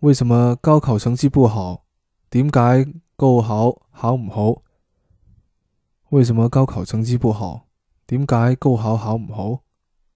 為什麼高考成績不好？點解高考考唔好？為什麼高考成績不好？點解高考考唔好？